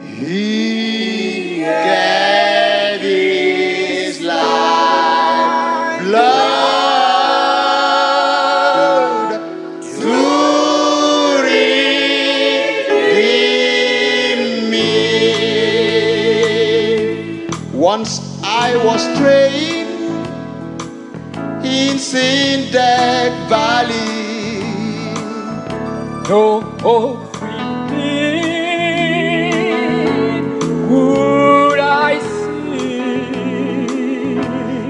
He gave his life blood to redeem me. Once I was straying in sin valley. Oh, oh. Could I see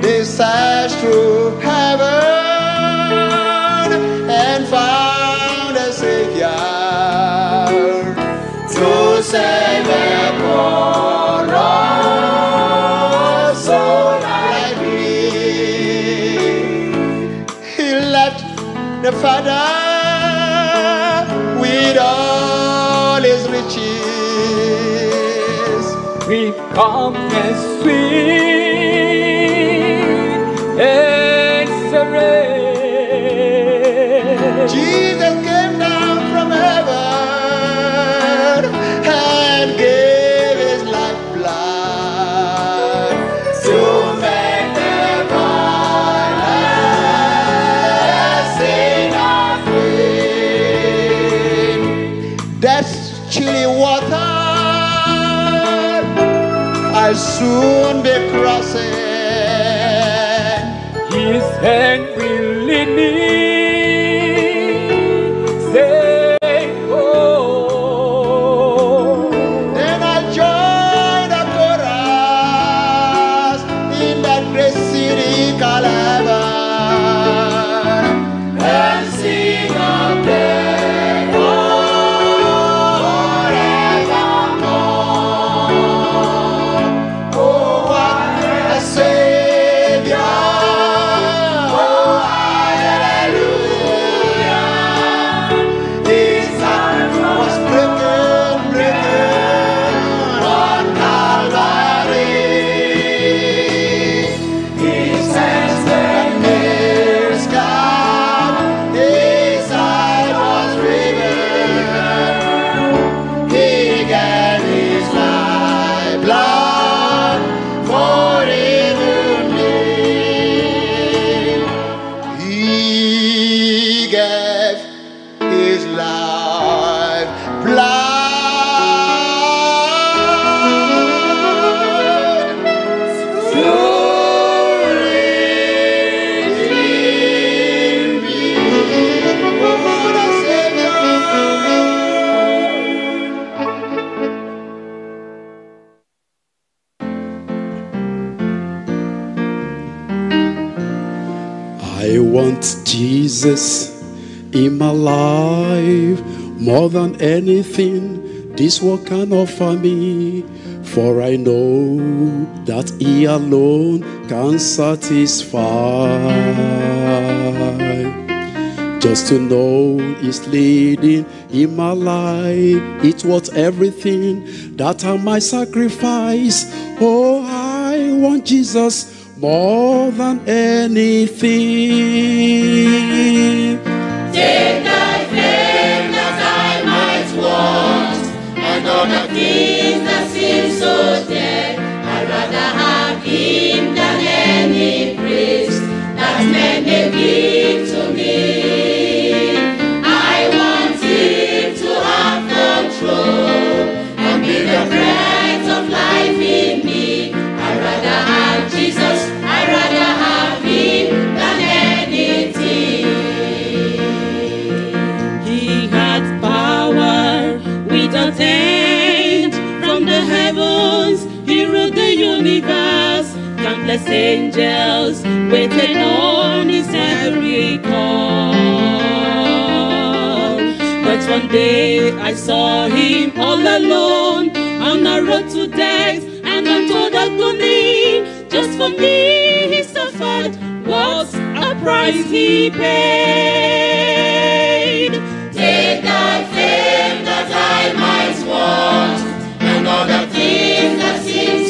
this astral heaven and find a Savior to save a poor so like me. He left the Father with all his riches sweet, calm and sweet. I'll soon be crossing. His hand will lead me. I want Jesus in my life more than anything this world can offer me. For I know that He alone can satisfy. Just to know He's leading in my life, it's worth everything that I might sacrifice. Oh, I want Jesus more than anything. Did I fail that I might want another king that seems so dead? I'd rather have him than any priest that men may give. universe, countless angels waiting on his every call. But one day I saw him all alone on the road to death and untold agony. Just for me he suffered. What a price he paid! Take thy fame that I might want, and all the things that seem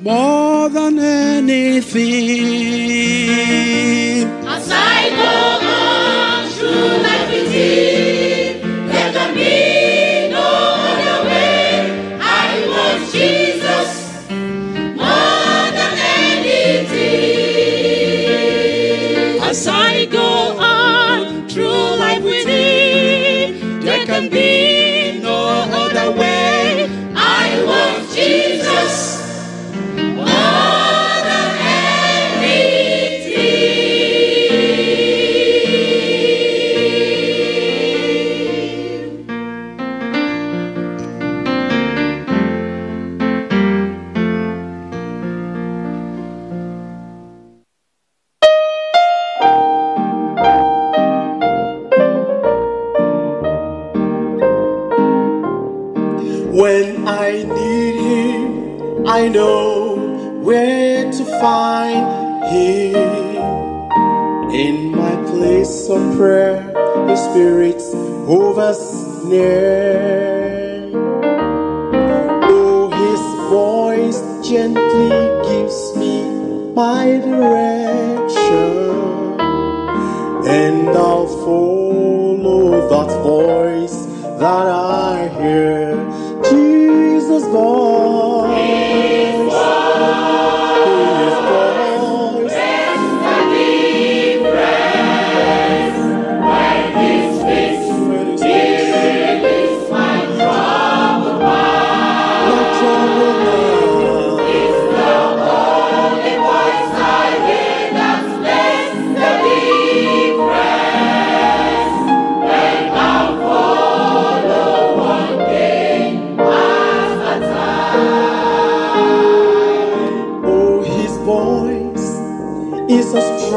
more than anything. As I go on through I know where to find Him. In my place of prayer, His spirit's over near. Oh, His voice gently gives me my direction, and I'll follow that voice that I.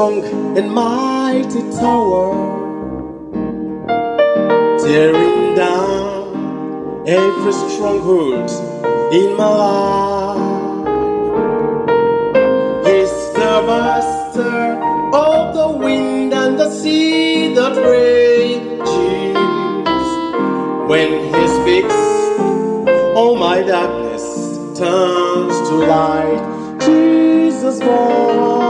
strong and mighty tower, tearing down every stronghold in my life. He's the master of the wind and the sea that rages. When he speaks, all my darkness turns to light. Jesus' born.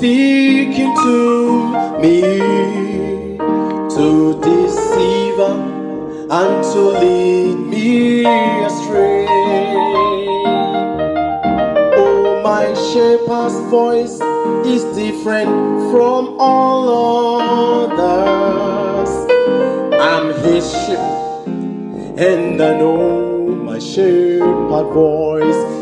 speaking to me to deceive and to lead me astray. Oh, my shepherd's voice is different from all others. I'm his sheep, and I know my shepherd's voice